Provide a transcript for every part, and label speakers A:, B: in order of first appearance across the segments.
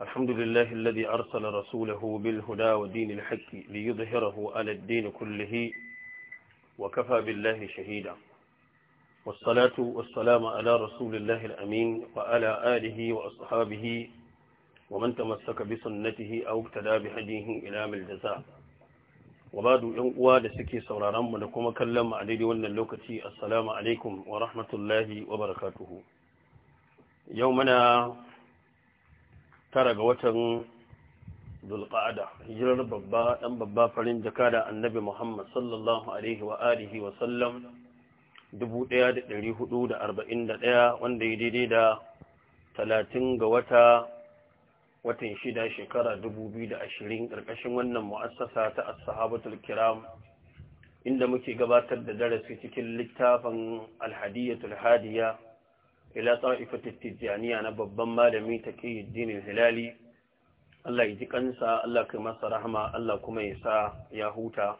A: الحمد لله الذي أرسل رسوله بالهدى ودين الحق ليظهره على الدين كله وكفى بالله شهيدا والصلاة والسلام على رسول الله الأمين وعلى آله وأصحابه ومن تمسك بسنته أو اقتدى بهديه إلى الجزاء وبعد سكي صورة سورارم لكم كلم عليه ون اللوكتي السلام عليكم ورحمة الله وبركاته يومنا tara ga watan dulƙa'ada hijirar babba ɗan babba farin jaka da annabi muhammad sallallahu alaihi wa alihi wa sallam 1441 wanda ya daidai da talatin ga wata watan shida shekara ashirin ƙarƙashin wannan mu'assasa ta ashabatul kiram inda muke gabatar da darasi cikin littafin alhadiyatul hadiya ila ta'ifatit tijaniya na babban malami taqiyuddin hilali Allah ya ji kansa Allah kai masa rahama Allah kuma ya sa ya huta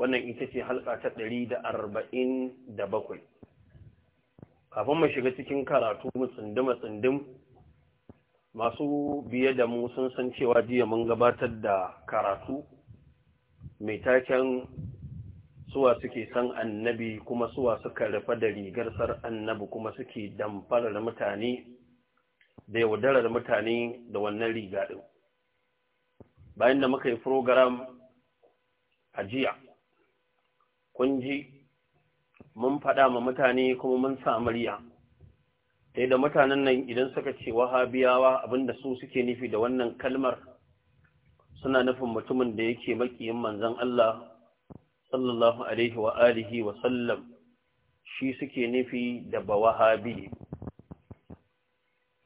A: wannan ita ce halka ta 147 kafin mu shiga cikin karatu mu tsindima tsindim masu biye da mu sun san cewa jiya mun gabatar da karatu mai taken suwa suke san annabi kuma suwa suka rufe da rigar sar annabi kuma suke damfarar mutane da yaudarar mutane da wannan riga ɗin bayan da muka yi program a jiya kun ji mun faɗa ma mutane kuma mun samariya. riya sai da mutanen nan idan suka ce wahabiyawa abinda su suke nufi da wannan kalmar suna nufin mutumin da yake makiyin manzon Allah sallallahu alaihi wa alihi wa sallam shi suke nufi da bawahabi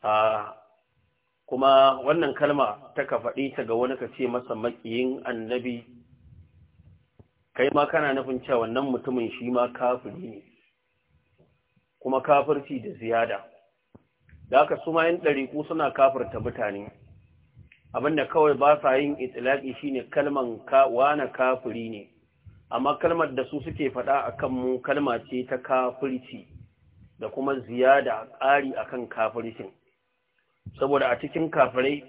A: a kuma wannan kalma ta ka faɗi ta ga wani ka ce masa maƙiyin annabi kai ma kana nufin cewa wannan mutumin shi ma kafiri ne kuma kafirci da ziyada da aka ma yin ɗariƙu suna kafirta mutane abinda kawai ba sa yin itilaƙi shine kalman wane kafiri ne amma kalmar da su suke faɗa a kanmu kalma ce ta kafirci da kuma ziyada a ƙari a kan kafircin saboda a cikin kafirai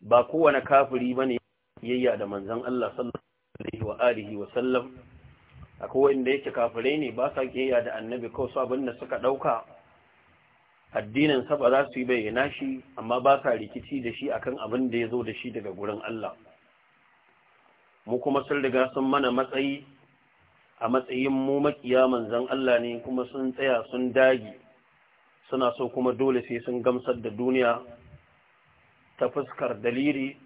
A: ba kowane kafiri ba ne yayya da manzan Allah sallallahu Alaihi wa sallam a kowane da yake kafirai ne ba sa yayya da annabi kawai su abinda suka ɗauka addinin ba za su yi bayyana shi amma ba sa rikici da shi akan abin da ya zo da shi daga gurin Allah mu kuma sun riga sun mana matsayi a matsayin mu makiya manzan Allah ne kuma sun tsaya sun dagi suna so kuma dole sai sun gamsar da duniya ta fuskar dalili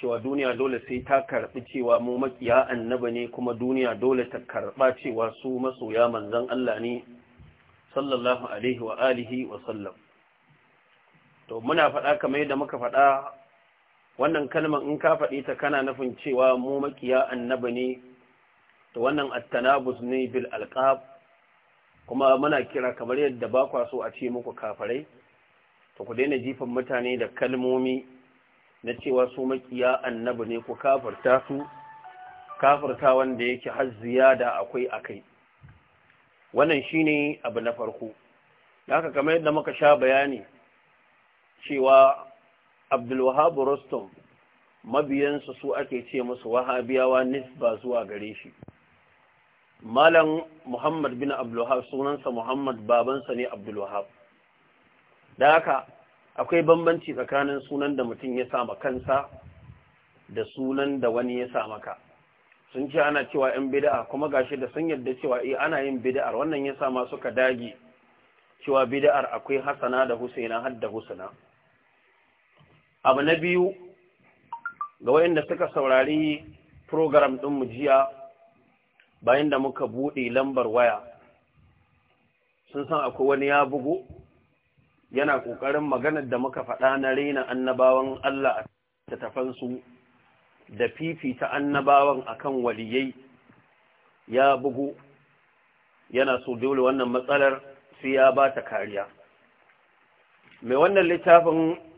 A: cewa duniya dole sai ta karɓi cewa mu makiya annaba ne kuma duniya dole ta karɓa cewa su masoya manzan Allah ne sallallahu alaihi wa alihi wa sallam to muna faɗa kamar yadda muka faɗa wannan kalmar in ka faɗi ta kana nufin cewa mu makiya annabi ne to wannan attanabus ne bil alqab kuma muna kira kamar yadda ba kwa so a ce muku kafarai to ku daina jifan mutane da kalmomi na cewa su makiya annabi ne ku kafarta su kafirta wanda yake har ziyada akwai akai wannan shine abu na farko haka kamar yadda muka sha bayani cewa abdulwahab rostom mabiyansa su ake ce musu wahabiyawa nisba zuwa gare shi malam muhammad bin abdulwahab sunansa muhammad babansa ne abdulwahab da haka akwai bambanci tsakanin sunan da mutum ya sama kansa da sunan da wani ya sama ka sun ce ana cewa ‘yan bida'a kuma gashi da sun yarda cewa e ana yin bida'ar wannan ya sama suka dage cewa bida'ar akwai hasana da husaina har da husana abu na biyu ga wayanda suka saurari program din mu jiya bayan da muka bude lambar waya sun san akwai wani ya bugu yana ƙoƙarin maganar da muka faɗa na raina annabawan Allah a tafansu da fifita annabawan akan waliyai ya bugu yana so dole wannan matsalar sai ya ba ta kariya mai wannan littafin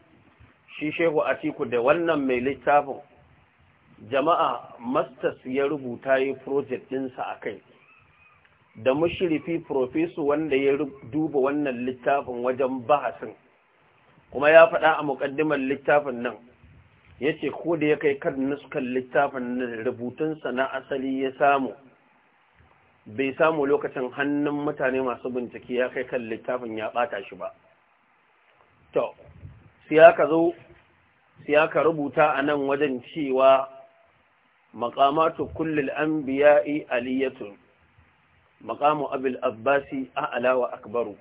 A: shi shehu atiku da wannan mai littafin jama'a masters ya rubuta yi project ɗinsa a kai da mashirifi profesu wanda ya duba wannan littafin wajen bahasin kuma ya faɗa a muƙaddimar littafin nan ya ce ko da ya kai kan nuskan littafin rubutunsa na asali ya samu bai samu lokacin hannun mutane masu bincike ya kai kan littafin ya ɓata shi ba to siyaka zo siyaka rubuta a nan wajen cewa maƙamatu kullil anbiya'i aliyatun maƙamu abil abbasi a alawa akbaru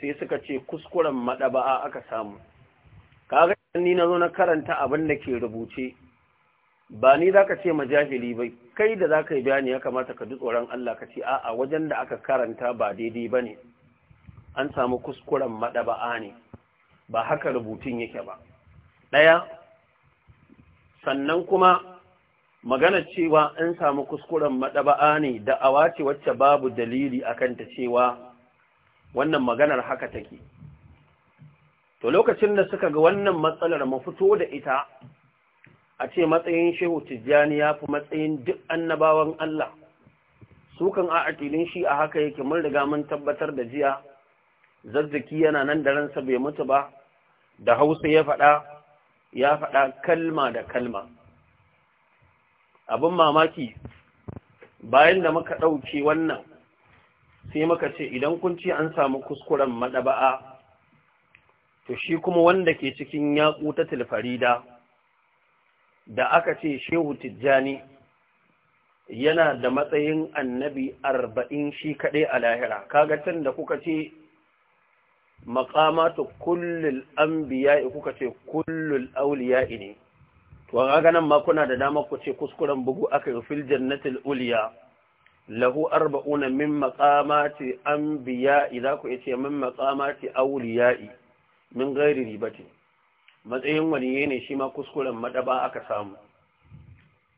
A: sai suka ce kuskuren maɗaba'a aka samu kaga ni na zo na karanta abin da ke rubuce ba ni za ka ce majahili bai kai da za ka yi bayani ya kamata ka ji tsoron Allah ka ce a'a wajen da aka karanta ba daidai ba ne an samu kuskuren maɗaba'a ne ba haka rubutun yake ba ɗaya sannan kuma magana cewa an samu kuskuren maɗaba'a ne da awace wacce babu dalili akan ta cewa wannan maganar haka take to lokacin da suka ga wannan matsalar mafito da ita a ce matsayin shehu tijjani ya fi matsayin duk annabawan Allah sukan a atilin shi a haka yake mun riga mun tabbatar da jiya zazzaki yana nan da ransa bai mutu ba da hausa ya faɗa ya faɗa kalma da kalma abin mamaki bayan da muka ɗauke wannan sai muka ce idan kun ce an samu kuskuren maɗaba'a to shi kuma wanda ke cikin yaƙu ta tilfarida da aka ce shehu tijjani yana da matsayin annabi arba'in shi kaɗai a lahira kaga da kuka ce maqamatu kullul anbiya kuka ce kullul auliya ne to kaga nan ma kuna da dama ku ce kuskuren bugu yi fil jannatil uliya lahu arba'una min maqamati anbiya idza ku yace min maqamati awliya min ghairi ribati matsayin wani ne shi ma kuskuren madaba aka samu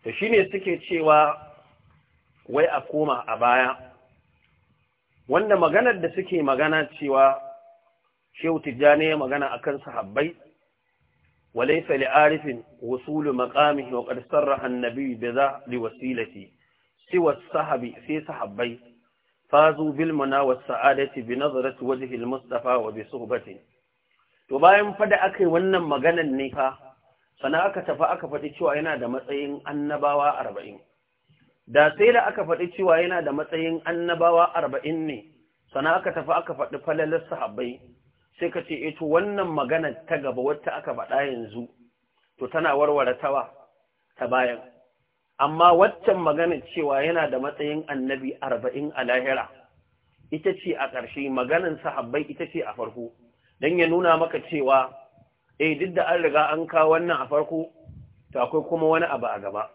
A: to shine suke cewa wai a koma a baya wanda maganar da suke magana cewa shehu tijjani ya magana a kan sahabbai walaisa li'arifin wasulu maqamihi wa qad sarraha an-nabiyyu bi za li wasilati siwa sahabi sahabai. sahabbai fazu bil mana wa sa'adati bi nazarati wajhi al-mustafa wa bi suhbati to bayan fada akai wannan maganar ne fa sana aka tafi aka fadi cewa yana da matsayin annabawa 40 da sai da aka faɗi cewa yana da matsayin annabawa 40 ne sana'a aka tafi aka faɗi falalar sahabai. sai ka ce eto eh, wannan magana ta gaba wacce aka faɗa yanzu to tana warware tawa ta bayan amma waccan magana cewa yana da matsayin annabi arba'in a lahira ita ce a ƙarshe maganan sahabbai ita ce a farko don ya nuna maka cewa eh duk da an riga an kawo wannan a farko to akwai kuma wani abu a gaba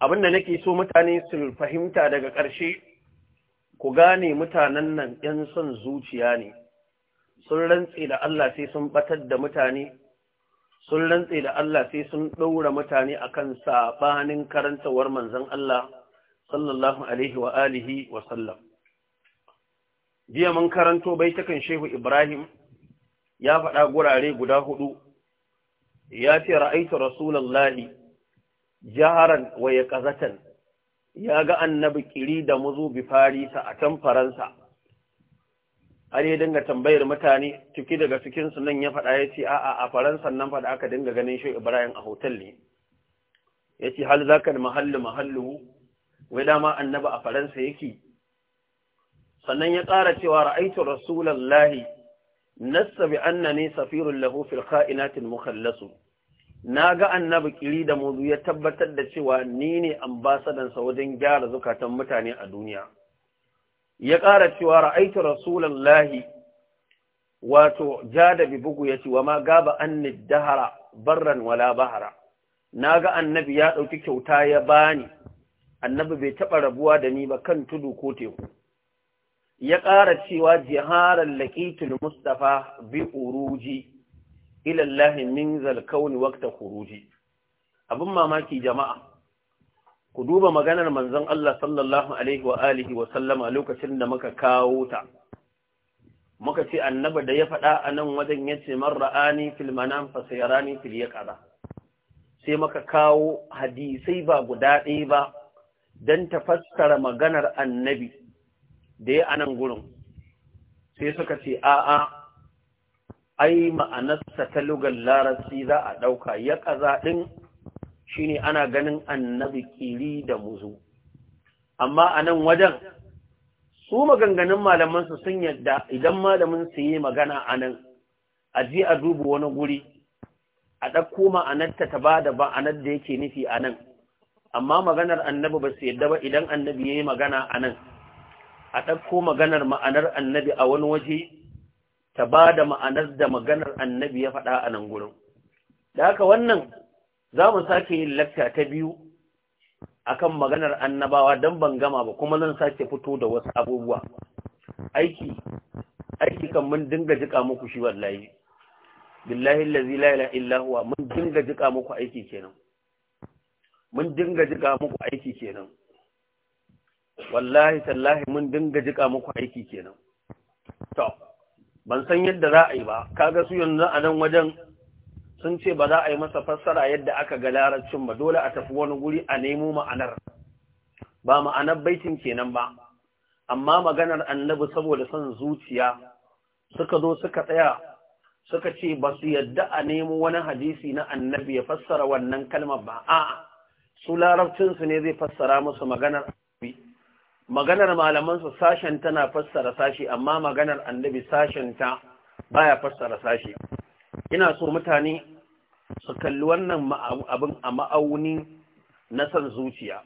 A: abin da nake so mutane su fahimta daga ƙarshe ku gane mutanen nan 'yan son zuciya ne sun rantse da Allah sai sun batar da mutane sun rantse da Allah sai sun ɗaura mutane akan saɓanin karantawar manzon Allah sallallahu alaihi wa alihi wa sallam jiya mun karanto baitakan Shehu Ibrahim ya faɗa gurare guda hudu ya ce ra'aitu rasulullahi jaharan waye ƙazatan? ya ga annabi kiri da muzu bi farisa a can faransa har ya dinga tambayar mutane ciki daga cikinsu nan ya faɗa ya ce a'a a faransa nan faɗa aka dinga ganin shi ibrahim a hotel ne ya ce hal zaka da mahallu mahallu wai dama annaba a faransa yake sannan ya ƙara cewa ra'aitu rasulallahi nassa bi annani safirul lahu fil kha'inatin mukhallasu na ga annabi kiri da mudu ya tabbatar da cewa ni ne sa wajen gyara zukatan mutane a duniya ya ƙara cewa ra'aitu rasulallahi wato jadabi bi bugu ya ce wa ma gaba anni dahara barran wala bahara na ga annabi ya ɗauki kyauta ya bani annabi bai taɓa rabuwa da ni ba kan tudu ko teku ya ƙara cewa jiharar laƙitul Mustapha bi uruji ilallahi min zalkauni wakta kuruji abin mamaki jama'a ku duba maganar manzon Allah sallallahu alaihi wa alihi wa sallama lokacin da muka kawo ta muka ce annaba da ya faɗa a nan wajen ya ce man fil manam fa sayarani fil yaqada sai muka kawo hadisai ba guda ɗaya ba dan ta fassara maganar annabi da ya anan gurin sai suka ce a'a ai ma'anarsa ta lugar larabci za a ɗauka ya ƙaza ɗin shine ana ganin annabi kiri da muzu amma a nan wajen su maganganun malamansu sun yadda idan malamin su yi magana a nan a ji a duba wani guri a ɗauko ma'anarta ta ba da ba'anar da yake nufi a nan amma maganar annabi ba su yadda ba idan annabi ya yi magana a nan a ɗauko maganar ma'anar annabi a wani waje ta ba da ma'anar da maganar annabi ya faɗa a nan gurin da haka wannan za mu sake yin lakta ta biyu akan maganar annabawa don ban gama ba kuma zan sake fito da wasu abubuwa aiki aiki kan mun dinga jika muku shi wallahi billahi allazi la ilaha illa huwa mun dinga jika muku aiki kenan mun dinga jika muku aiki kenan wallahi tallahi mun dinga jika muku aiki kenan to ban san yadda za a yi ba kaga su yanzu a nan wajen sun ce ba za a yi masa fassara yadda aka ga larabcin ba dole a tafi wani guri a nemo ma'anar ba ma'anar baitin kenan ba amma maganar annabi saboda son zuciya suka zo suka tsaya suka ce ba su yadda a nemo wani hadisi na annabi ya fassara wannan kalmar ba a'a su larabcinsu ne zai fassara musu maganar annabi maganar malamansu sashen tana fassara sashi amma maganar annabi sashen ta baya fassara sashi ina so mutane su kalli wannan abin a ma'auni na san zuciya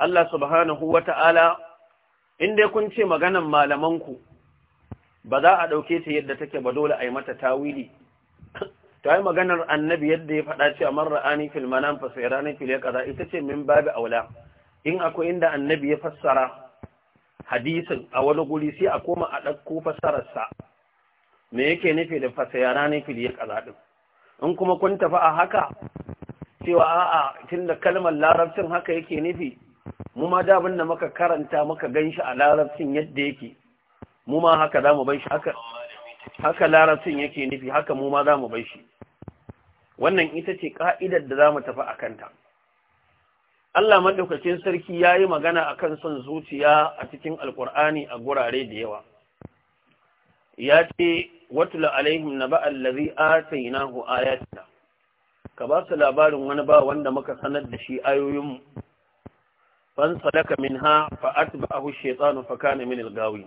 A: Allah subhanahu wata'ala in dai kun ce maganan malamanku ba za a ɗauke ta yadda take ba dole a yi mata tawili ta yi maganar annabi yadda ya faɗa ce a marar ani filmanan fasira ne fili kaza ita ce min babu aula in akwai inda annabi ya fassara hadisin a wani guri sai a koma a ɗauko fassararsa me yake nufi da fasayara ne ya yaqaza din in kuma kun tafi a haka cewa a'a tunda kalmar larabcin haka yake nufi mu ma da abin da muka karanta muka ganshi a larabcin yadda yake mu ma haka za mu bai shi haka haka larabcin yake nufi haka mu ma za mu bai shi wannan ita ce ka'idar da za mu tafi a kanta Allah madaukakin sarki ya yi magana a kan son zuciya a cikin alkur'ani a gurare da yawa ya ce watula alaihim naba allazi atainahu ayatina ka ba su labarin wani ba wanda muka sanar da shi ayoyin mu fan salaka minha fa atba'ahu shaytanu fa kana min al-gawi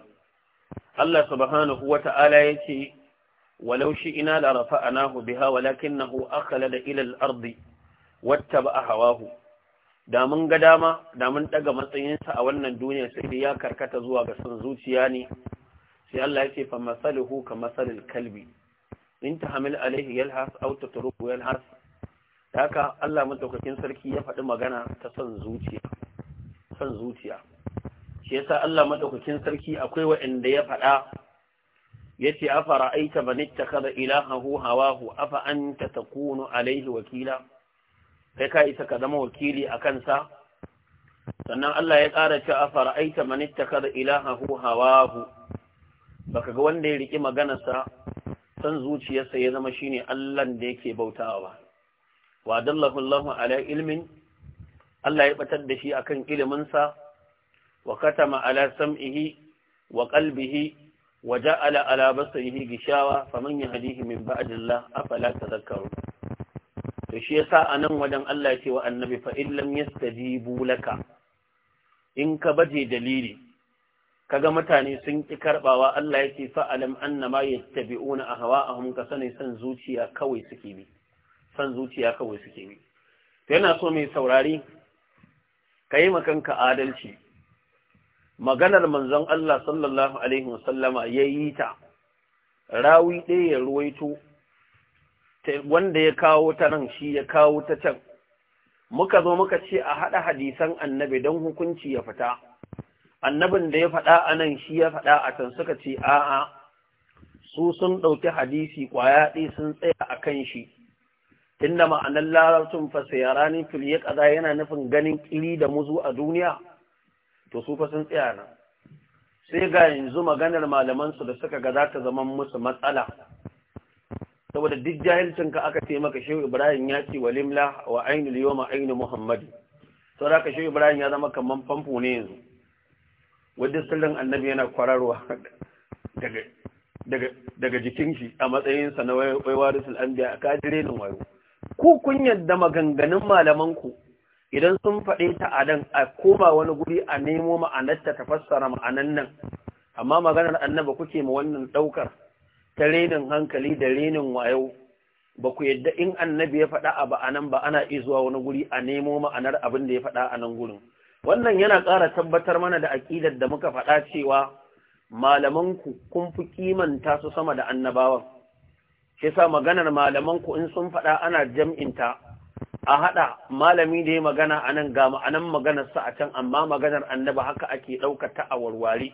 A: Allah subhanahu wata'ala yace walau shi'ina a nahu biha da akhlada arzi al-ardi wattaba'a hawahu da mun ga dama da mun daga matsayinsa a wannan duniya sai ya karkata zuwa ga san zuciya ne sai Allah ya ce fa masaluhu ka masalil kalbi in ta hamil alaihi yalhas aw tatruhu yalhas haka Allah madaukakin sarki ya faɗi magana ta son zuciya son zuciya shi yasa Allah madaukakin sarki akwai waɗanda ya faɗa yace afara aita man ittakhadha ilahahu hawahu afa anta takunu alaihi wakila kai ka isa ka zama wakili a kansa sannan Allah ya ƙara ce afara aita man ittakhadha ilahahu hawahu baka ga wanda ya riƙi maganarsa san zuciyarsa ya zama shine Allahn da yake bautawa ba wa dallahu Allahu ala ilmin Allah ya batar da shi akan ilimin sa wa katama ala sam'ihi wa qalbihi wa ja'ala ala basarihi gishawa faman yahdihi min ba'dillah afala tadhakkarun to shi yasa anan wajen Allah ya ce wa annabi fa illam yastajibu laka in ka baje dalili kaga mutane sun ki karɓawa Allah yake fa alam annama yattabi'una ahwa'ahum ka sani san zuciya kawai suke bi san zuciya kawai suke bi yana so mai saurari kai makanka adalci maganar manzon Allah sallallahu alaihi wasallama yayi ta rawi ɗaya ya ruwaito wanda ya kawo ta nan shi ya kawo ta can muka zo muka ce a haɗa hadisan annabi don hukunci ya fita annabin da ya faɗa a nan shi ya faɗa a can suka ce a'a su sun ɗauki hadisi ƙwaya ɗi sun tsaya a kan shi inda ma'anar larabcin fasayara ne fil ya ƙaza yana nufin ganin ƙiri da muzu a duniya to su fa sun tsaya nan sai ga yanzu maganar malamansu da suka ga za ta zama musu matsala saboda duk jahilcin ka aka ce maka shehu ibrahim ya ce wa Limla wa ainul yawma ainu muhammadi saboda ka shehu ibrahim ya zama kaman famfo ne yanzu wadda sirrin annabi yana kwararwa daga jikin shi a matsayinsa na waiwa rusul an biya a kadirenin wayo ku kun yadda maganganun malaman ku idan sun faɗi ta a dan a koma wani guri a nemo ma'anar ta tafassara ma'anan nan amma maganar annaba kuke ma wannan ɗaukar ta renin hankali da renin wayo ba ku yadda in annabi ya faɗa a ba ba ana izuwa wani guri a nemo ma'anar abin da ya faɗa a nan gurin wannan yana ƙara tabbatar mana da aƙidar da muka faɗa cewa malamanku kun fi kimanta su sama da annabawan shi sa maganar malamanku in sun faɗa ana jam'inta a haɗa malami da ya magana a nan ga ma'anan sa a can amma maganar annaba haka ake ɗauka ta a warware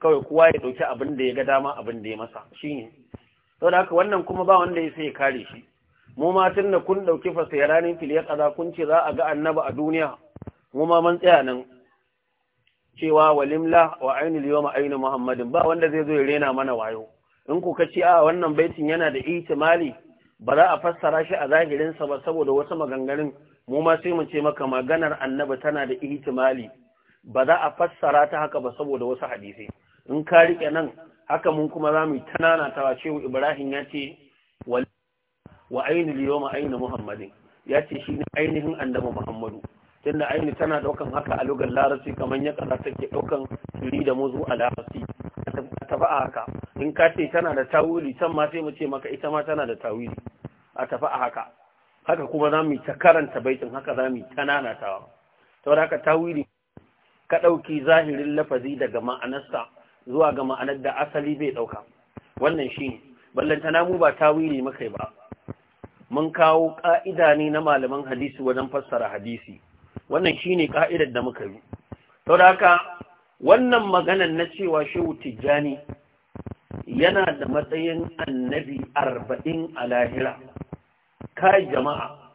A: kawai kowa ya ɗauki abin da ya ga dama abin da ya masa shi ne haka wannan kuma ba wanda ya sai ya kare shi mu ma tun da kun ɗauki fasirani fil ya kaza kun ce za a ga annaba a duniya Muma man tsaya nan cewa walimla wa ainul yawma ainu muhammadin ba wanda zai zo ya rena mana wayo in ku kace a wannan baitin yana da ihtimali ba za a fassara shi a zahirin sa ba saboda wasu maganganun mu ma sai mu ce maka maganar annabi tana da ihtimali ba za a fassara ta haka ba saboda wasu hadisi in ka rike nan haka mun kuma za mu tanana ta cewa Ibrahim ya ce wa ainul yawma ainu muhammadin ya ce shi ne ainihin annabi muhammadu tunda aini tana daukan haka a lugar larasi kamar ya kaza take daukan turi da muzu a A tafi a haka in ka ce tana da tawuli, can ma sai mu ce maka ita ma tana da tawuli. a tafi a haka haka kuma za mu ta karanta baitin haka za mu ta tawa saboda haka tawuli ka dauki zahirin lafazi daga ma'anarsa zuwa ga ma'anar da asali bai dauka wannan shine ballantana mu ba tawili muka ba mun kawo ka'ida ne na malaman hadisi wajen fassara hadisi wannan shine ka'idar da muka yi to da haka wannan maganar na cewa shehu tijjani yana da matsayin annabi arba'in a lahira kai jama'a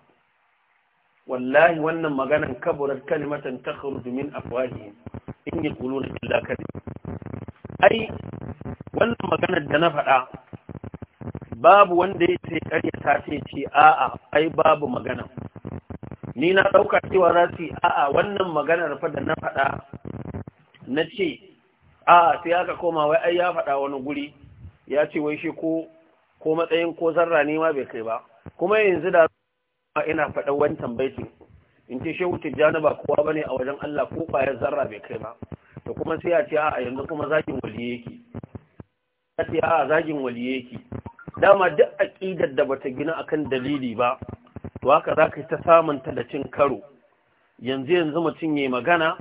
A: wallahi wannan maganan kaburar kalimatan ta min afwahi in yi kulu da ai wannan maganar da na faɗa babu wanda ya ce ƙaryata ce ce a'a ai babu magana ni na ɗauka cewa za su yi a'a wannan maganar fa da na faɗa na ce a'a sai aka koma wai ai ya faɗa wani guri ya ce wai shi ko ko matsayin ko zarra ne ma bai kai ba kuma yanzu da ina faɗa wani tambaiti in ce shehu tijjani ba kowa bane a wajen Allah ko kwayar zarra bai kai ba to kuma sai ya ce a'a yanzu kuma zagin waliye yake ya ce a zagin waliye yake dama duk aqidar da bata gina akan dalili ba to haka za ka yi ta samunta da cin karo yanzu yanzu mutum ya magana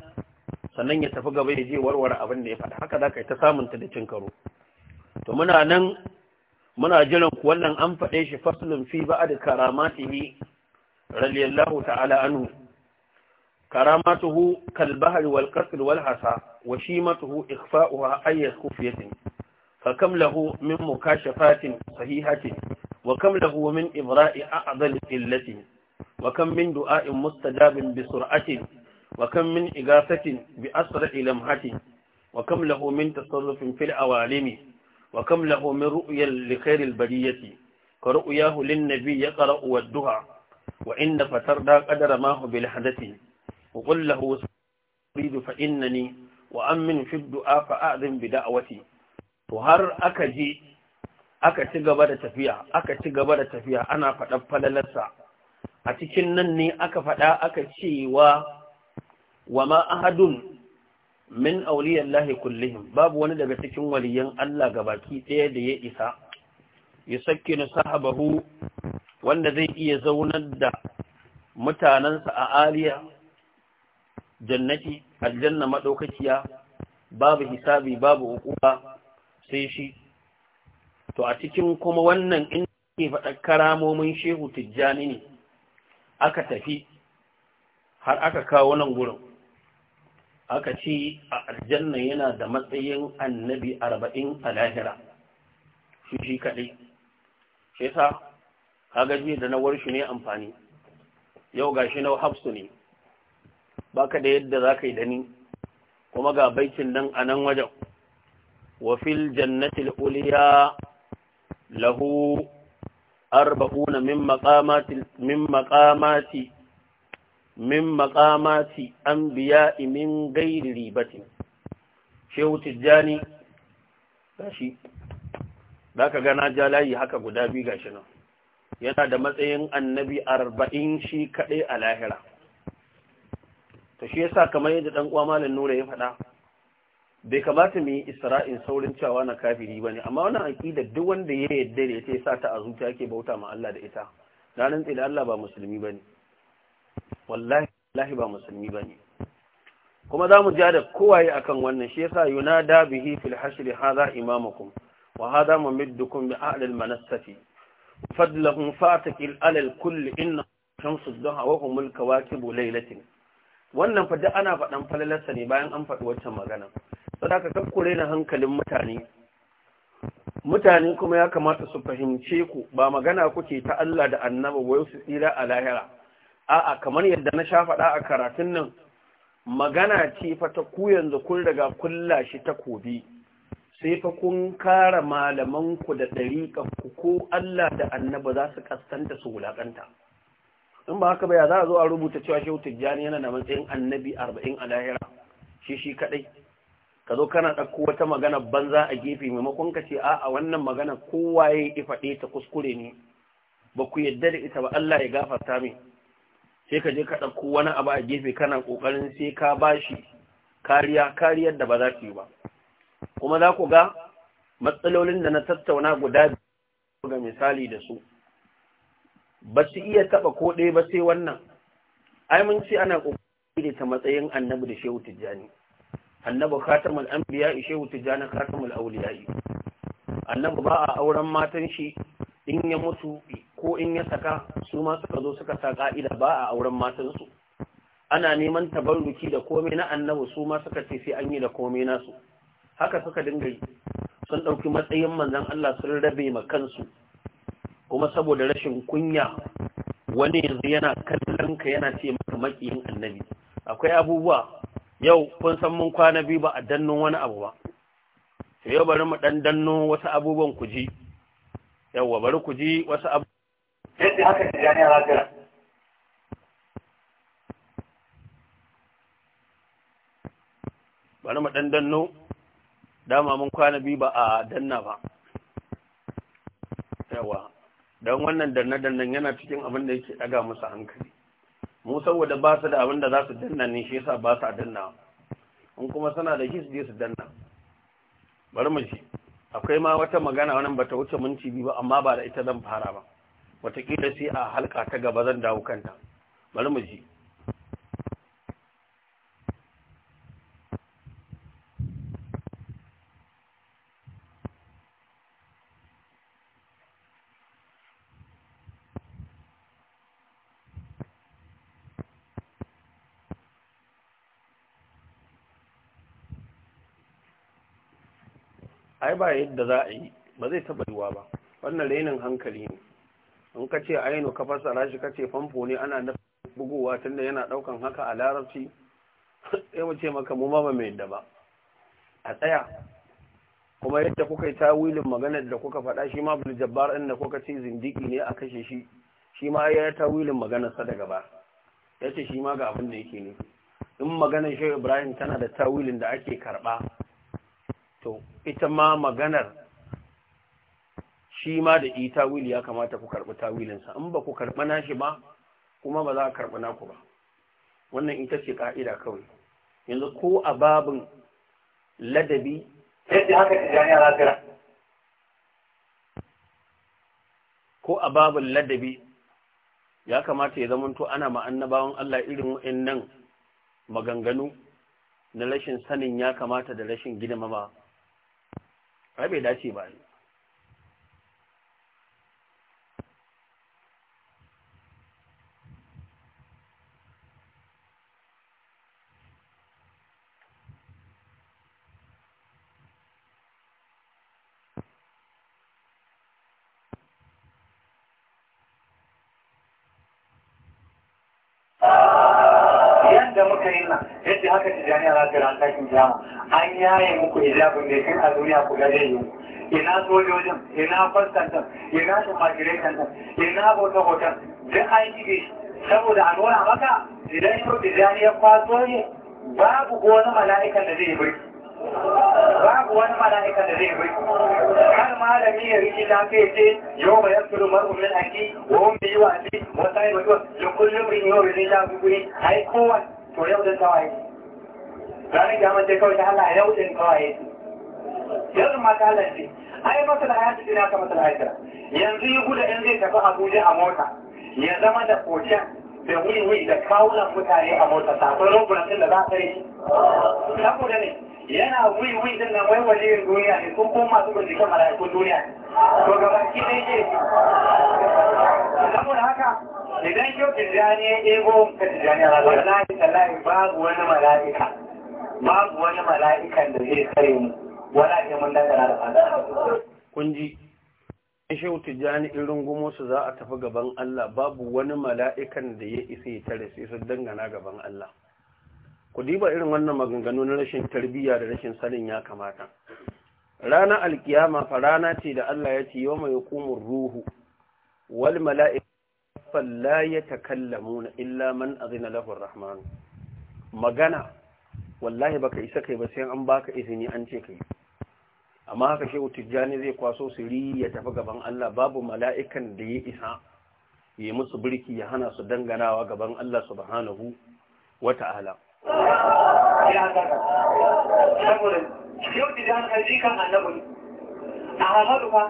A: sannan ya tafi gaba ya je warware abin da ya faɗa haka za ka yi ta samunta da cin karo to muna nan muna jiran ku wannan an faɗe shi faslun fi ta karamatihi radiyallahu ta'ala anhu karamatuhu kal bahri wal qasr wal hasa wa shimatuhu ikhfa'uha ay kufiyatin fa kam lahu min mukashafatin sahihatin وكم له من إبراء أعظم قلته وكم من دعاء مستجاب بسرعة وكم من إغاثة بأسرع لمحة وكم له من تصرف في العوالم وكم له من رؤيا لخير البرية كرؤياه للنبي يقرأ والدعاء وإن فتردى قدر ماه بلحدته وقل له أريد فإنني وأمن في الدعاء فأعظم بدعوتي وهر أكجي aka ci gaba da tafiya aka ci gaba da tafiya ana faɗa falalarsa a cikin nan ne aka faɗa aka cewa wa ma ahadun min auliyallahi kullihim babu wani daga cikin waliyan Allah ga baki ɗaya da ya isa ya na sahabahu wanda zai iya zaunar da mutanensa a aliya jannati aljanna madaukakiya babu hisabi babu hukuma sai shi to a cikin kuma wannan in ke faɗa karamomin shehu tijjani ne aka tafi har aka kawo nan wurin? aka ce a aljanna yana da matsayin annabi arba'in a lahira shi shi kaɗai shi sa kagaji da na warshi ne amfani yau ga shi na hafsu ne Ba ka da yadda za ka yi da ni kuma ga baikin nan a nan wajen wafil jannatil uliya lahu arba'una min maqamati min maqamati min maqamati anbiya'i min shehu tijjani gashi zaka ga na ja layi haka guda biyu gashi nan yana da matsayin annabi arba'in shi kaɗai a lahira to shi yasa kamar yadda ɗan uwa malam nura ya faɗa bai kamata mu yi isra'in saurin cewa na kafiri ne, amma wannan aqida duk wanda ya yarda ne sai sa ta azuta yake bauta ma Allah da ita na rantsi Allah ba musulmi bane wallahi wallahi ba musulmi bane kuma zamu ja da kowaye akan wannan shi yasa yunada bihi fil hasri hadha imamukum wa hadha mumiddukum bi a'lal manasati fadlahum fatakil alal kull inna shamsu dhuha wa al kawakibu laylatin wannan fa duk ana faɗan falalarsa ne bayan an faɗi waccan magana sadaka kakkure na hankalin mutane mutane kuma ya kamata su fahimce ku ba magana kuke ta Allah da annaba wai su tsira a lahira a'a kamar yadda na sha faɗa a karatun nan magana ce fa ta ku yanzu kun riga kulla shi ta kobi sai fa kun kara malaman ku da ɗari ku ko Allah da annaba za su kastanta su wulaƙanta in ba haka ba ya za a zo a rubuta cewa shehu tijjani yana da matsayin annabi arba'in a lahira shi shi kaɗai ka zo kana ɗauko wata magana banza a gefe maimakon ka ce a a wannan magana kowa ya yi faɗe ta kuskure ne ba ku yadda da ita ba Allah ya gafarta mai sai ka je ka ɗauko wani abu a gefe kana ƙoƙarin sai ka ba shi kariya kariyar da ba za su yi ba kuma za ku ga matsalolin da na tattauna guda biyu ga misali da su ba su iya taɓa ko ɗaya ba sai wannan ai mun ce ana ƙoƙarin da ta matsayin annabi da shehu tijjani annabi khatamul anbiya shehu tijani khatamul awliya annabi ba a auren matan shi in ya mutu ko in ya saka su ma suka zo suka sa ka'ida ba a auren matan su ana neman tabarruki da komai na annabi su ma suka ce sai an yi da komai nasu haka suka dinga yi sun ɗauki matsayin manzon Allah sun rabe ma kansu kuma saboda rashin kunya wani yanzu yana kallon ka yana ce maka makiyin annabi akwai abubuwa yau kun san mun kwana biyu ba a danno wani abu ba to yau bari mu dan danno wasu abubuwan ku ji yawwa bari ku ji wasu abu yadda haka ji gani a lafiya bari mu dan danno dama mun kwana biyu ba a danna ba yawa don wannan danne-dannen yana cikin abin da yake daga musu hankali mu saboda ba su da abin da za su danna ne shi yasa ba su danna in kuma suna da his su su danna bari mu ji akwai ma wata magana wannan ta wuce minti biyu ba amma ba da ita zan fara ba wata wataƙila sai a halka ta gaba zan dawo kanta bari mu ji ai ba yadda za a yi ba zai taɓa yiwa ba wannan rainin hankali ne in ka ce ainu ka fassara shi ka ce famfo ne ana na bugowa tunda yana ɗaukan haka a larabci sai mu ce maka mu ma ba mai yadda ba a tsaya kuma yadda kuka yi tawilin magana da kuka faɗa shi ma bil jabbar ɗin da kuka ce zindiki ne a kashe shi shi ma ya yi tawilin maganarsa daga ba ya ce shi ma ga abin da yake ne in maganar shi ibrahim tana da tawilin da ake karɓa to ita ma maganar shi ma da yi tawili ya kamata ku karɓi tawilinsa in ba ku karɓi nashi ba kuma ba za a karɓi naku ba wannan ita ce ƙa'ida kawai yanzu ko a babin ladabi ko a babin ladabi ya kamata ya zamanto ana ma'annabawan Allah irin wa'in nan maganganu na rashin sanin ya kamata da rashin girmama ai bai dace ba ne
B: yadda muka yi na yadda haka tijjani a ranar takin jama an muku hijabin da kan a duniya ku ga zai ina sojojin ina fastantan ina shumakirekantan ina bota-botan da an saboda a nuna maka idan yau da ya kwaso ne babu wani mala'ikan da zai birki babu wani mala'ika da zai bai har malami ya riki lafiya ce yau mai yasiru marumin aki wa hun biyu wa ce wata yi mutuwa da kullum rin yau rin ya guguri ai kowa to yau da tawaye ranar kiyama ce kawai ta Allah ya wuce kawai yanzu ma ta Allah ce ai masala ya ci na ka masala ya yanzu yi guda in zai tafi Abuja a mota ya zama da kocin da wiwi da kawunan mutane a mota sakon rubunan da za a tare saboda ne yana wiwi din nan wai waliyin duniya ne kun kuma masu bincike mala'ikun duniya to gabaki ne ke saboda haka idan yau tijjani ya ego ka tijjani a rayuwa wallahi tallahi babu wani mala'ika babu wani mala'ikan da zai kare mu wala ke mun dangana da fada
A: kun ji in shehu tijjani irin gumo su za a tafi gaban Allah babu wani mala'ikan da ya isa ya tare sai su dangana gaban Allah ku diba irin wannan maganganu na rashin tarbiyya da rashin sanin ya kamata Rana alkiyama fa rana ce da Allah ya ce yawma mai hukumar ruhu wal mala'ika la ya illa man azina lahu rahman magana wallahi baka isa kai ba sai an baka izini an ce kai amma haka shehu tijjani zai kwaso siri ya tafi gaban Allah babu mala'ikan da ya isa yi musu birki ya hana su danganawa gaban Allah subhanahu wa ta'ala
B: ba,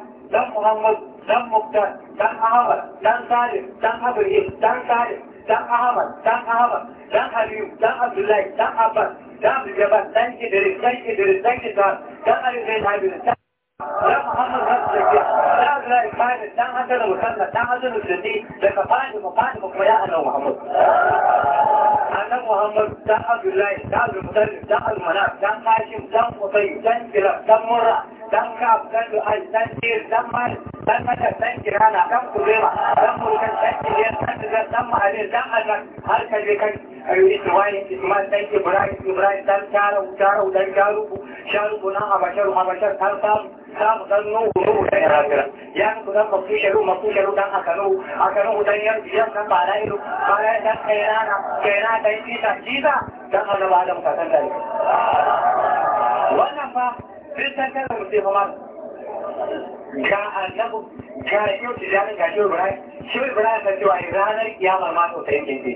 B: dan Muktar, Ahmad, dan Salim, dan Abdul dan Salim, dan Ahmad, dan Habib dan Abdullahi, dan Abbas, Sen cebet, sen gideriz, sen gideriz, sen gideriz, sen gideriz, sen gideriz, sen Ya Muhammad, sen hazır mısın? Sen hazır mısın? Sen hazır mısın? Sen hazır mısın? Sen hazır mısın? Sen hazır mısın? Sen hazır mısın? Sen hazır mısın? Sen hazır mısın? Sen hazır mısın? dan Muhammad dan Abdullahi dan Abdulmutallib dan Almanaf dan Hashim dan Qusay dan Kilab dan Murra dan Ka'ab dan Lu'ay dan Sir dan Mal dan Madar dan Kirana dan Kuzaima dan Murkan dan Kiliyan dan Dizar dan Mahalir dan Azhar har ka je kan Ismail Ismail dan Ibrahim Ibrahim dan Tarau Tarau dan Sharubu Sharubu nan Abashar Abashar dan samu za mu san nuhu nuhu dan irabira ya ku dan mafusharu mafusharu dan akanu akanu dan yan biyan dan balairu balairu dan kairana kairana dan isa jiza dan annaba adam ka dai wannan fa duk san kana mutum ga annabu ga yau tijanin ga shi ibrahim shi ibrahim ta cewa ranar kiyamar ma sosai kinke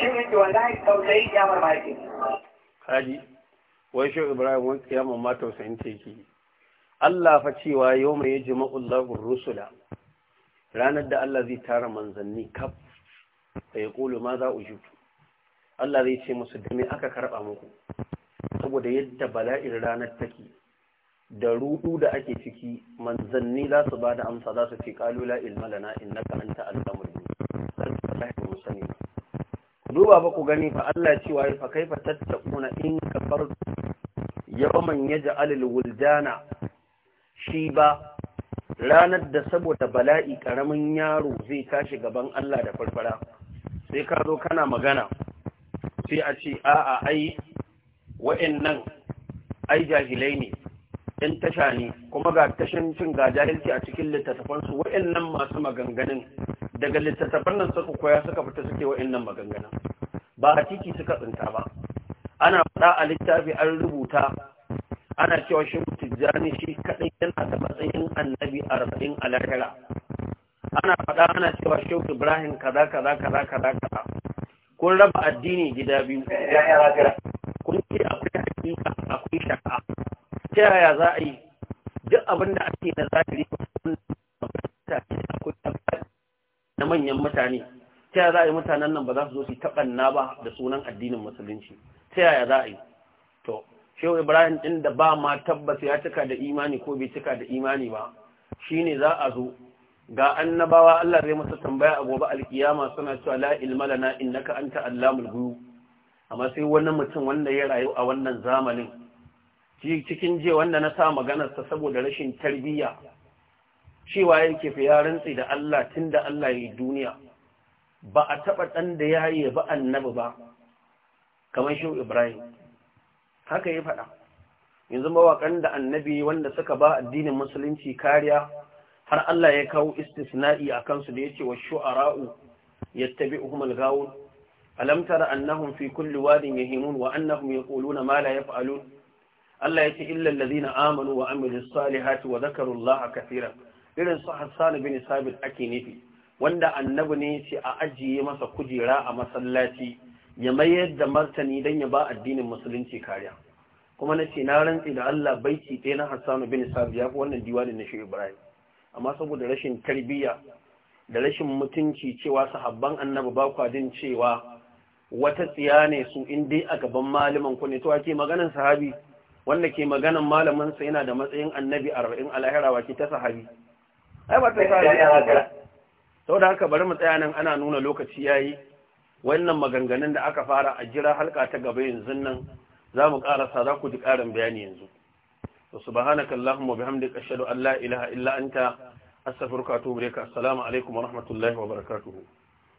B: shi ne ke wallahi sosai ya ma yake
A: kaji wai shi ibrahim wani kiyamar ma tausayin teki Allah fa cewa yau mai jima'ul lagun rusula ranar da Allah zai tara manzanni kaf da ya ƙulu ma za uju Allah zai ce musu dame aka karɓa muku saboda yadda bala'in ranar take da rudu da ake ciki manzanni za su ba da amsa za su ce kalula ilmalana innaka anta al'amur duba ba ku gani fa Allah cewa fa kaifa tattaquna in manya yawman yaj'alul wuldana ba, ranar da saboda bala'i karamin yaro zai tashi gaban Allah da farfara sai ka zo kana magana sai a ce a'a ai wa'annan ai jahilai ne Yan tasha ne kuma ga tashin cin ga jahilci a cikin littattafansu wa'annan masu maganganun daga littattafan nan suka koya suka fita suke wa'annan maganganun ba a titi suka tsinta ba ana faɗa a littafi an rubuta ana cewa shi mutujjani shi kaɗai yana da matsayin annabi arba'in a lahira ana faɗa ana cewa shi ibrahim kaza kaza kaza kaza kaza kun raba addini gida biyu kun ce akwai hakika akwai shaka
B: ta yaya za a
A: yi duk abin da ake na zahiri na manyan mutane ta yaya za a yi mutanen nan ba za su zo su taɓanna ba da sunan addinin musulunci ta yaya za a yi shehu ibrahim ɗin da ba ma tabbas ya cika da imani ko bai cika da imani ba Shi ne za a zo ga annabawa Allah zai masa tambaya a gobe alkiyama suna cewa la ilmala lana innaka anta allamul mulguyu amma sai wani mutum wanda ya rayu a wannan zamanin cikin je wanda na sa maganar sa saboda rashin tarbiyya cewa yake fi rantsi da Allah tunda Allah yi duniya ba a taɓa ɗan da yayi ba annabi ba kamar Shehu Ibrahim haka ya faɗa yanzu mawaƙan da annabi wanda suka ba addinin musulunci kariya har Allah ya kawo istisna'i a kansu da ya ce wa shu'ara'u yattabi'uhum al-gawun alam tara annahum fi kulli wadin himun, wa annahum na mala la yaf'alun Allah ya ce illa allazina amanu wa amilus salihati wa dhakaru Allah kafira irin su Hassan bin Sabit ake nufi wanda annabi ne ce a ajiye masa kujera a masallaci ya mayar da martani don ya ba addinin musulunci kariya kuma na ce na rantsi da Allah baiti ɗaya na Hassanu bin sabu ya fi wannan diwanin na shi Ibrahim amma saboda rashin tarbiyya da rashin mutunci cewa sahabban annabi ba kwa cewa wata tsiya ne su in dai a gaban malaman ku ne to ake maganan sahabi wanda ke maganan malaman sa yana da matsayin annabi arbain alahira wa ke ta sahabi ai ba ta sahabi saboda haka bari mu tsaya nan ana nuna lokaci yayi wannan maganganun da aka fara a jira halka ta gaba yanzu nan za mu ƙarasa za ku ji ƙarin bayani yanzu to subhanaka allahumma bihamdika ashhadu an la ilaha illa anta astaghfiruka wa atubu ilaik assalamu alaikum wa rahmatullahi wa barakatuh